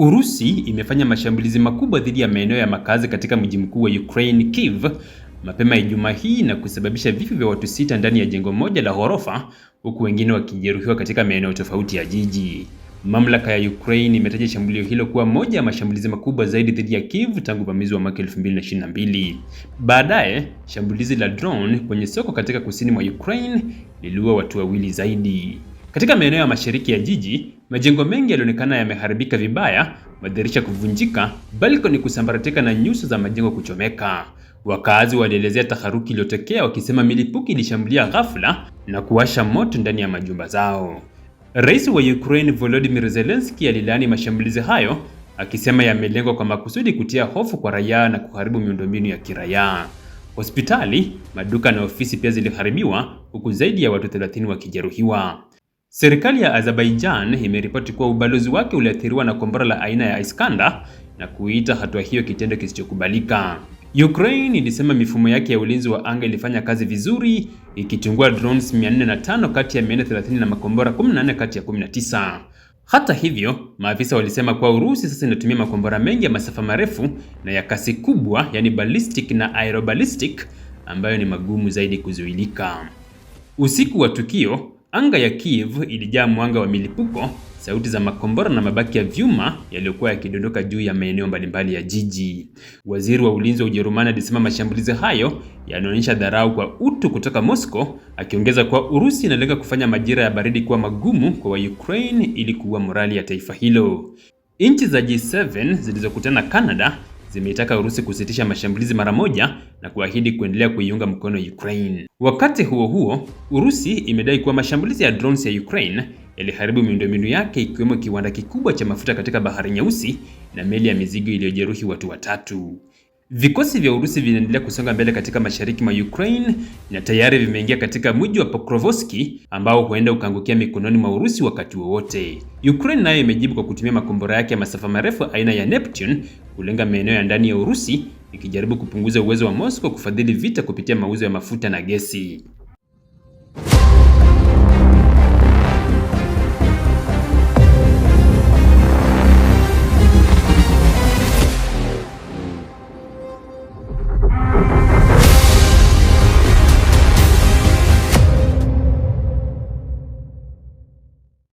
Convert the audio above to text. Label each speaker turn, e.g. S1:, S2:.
S1: Urusi imefanya mashambulizi makubwa dhidi ya maeneo ya makazi katika mji mkuu wa Ukraine, Kiev, mapema Ijumaa hii na kusababisha vifo vya watu sita ndani ya jengo moja la ghorofa huku wengine wakijeruhiwa katika maeneo tofauti ya jiji. Mamlaka ya Ukraine imetaja shambulio hilo kuwa moja ya mashambulizi makubwa zaidi dhidi ya Kiev tangu uvamizi wa mwaka 2022. Baadaye, shambulizi la drone kwenye soko katika kusini mwa Ukraine liliua watu wawili zaidi. Katika maeneo ya mashariki ya jiji, majengo mengi yalionekana yameharibika vibaya, madirisha kuvunjika, balkoni kusambaratika na nyuso za majengo kuchomeka. Wakazi walielezea taharuki iliyotokea wakisema milipuki ilishambulia ghafla na kuwasha moto ndani ya majumba zao. Rais wa Ukraine Volodymyr Zelensky alilaani mashambulizi hayo akisema yamelengwa kwa makusudi kutia hofu kwa raia na kuharibu miundombinu ya kiraia. Hospitali, maduka na ofisi pia ziliharibiwa huku zaidi ya watu 30 wakijeruhiwa. Serikali ya Azerbaijan imeripoti kuwa ubalozi wake uliathiriwa na kombora la aina ya Iskander na kuita hatua hiyo kitendo kisichokubalika. Ukraine ilisema mifumo yake ya ulinzi wa anga ilifanya kazi vizuri ikichungua drones 405 kati ya 430 na makombora 14 kati ya 19. Hata hivyo, maafisa walisema kuwa Urusi sasa inatumia makombora mengi ya masafa marefu na ya kasi kubwa, yani ballistic na aeroballistic, ambayo ni magumu zaidi kuzuilika. Usiku wa tukio Anga ya Kiev ilijaa mwanga wa milipuko, sauti za makombora na mabaki ya vyuma yaliyokuwa yakidondoka juu ya maeneo mbalimbali ya jiji. Waziri wa ulinzi wa Ujerumani alisema mashambulizi hayo yanaonyesha dharau kwa utu kutoka Moscow, akiongeza kuwa Urusi inalenga kufanya majira ya baridi kuwa magumu kwa Waukraini ili kuua morali ya taifa hilo. Nchi za G7 zilizokutana Canada zimeitaka Urusi kusitisha mashambulizi mara moja na kuahidi kuendelea kuiunga mkono Ukraine. Wakati huo huo, Urusi imedai kuwa mashambulizi ya drones ya Ukraine yaliharibu miundombinu yake ikiwemo kiwanda kikubwa cha mafuta katika Bahari Nyeusi na meli ya mizigo iliyojeruhi watu watatu. Vikosi vya Urusi vinaendelea kusonga mbele katika mashariki mwa Ukraine na tayari vimeingia katika mji wa Pokrovsk ambao huenda ukaangukia mikononi mwa Urusi wakati wowote. Ukraine nayo imejibu kwa kutumia makombora yake ya masafa marefu aina ya Neptune kulenga maeneo ya ndani ya Urusi ikijaribu kupunguza uwezo wa Moscow kufadhili vita kupitia mauzo ya mafuta na gesi.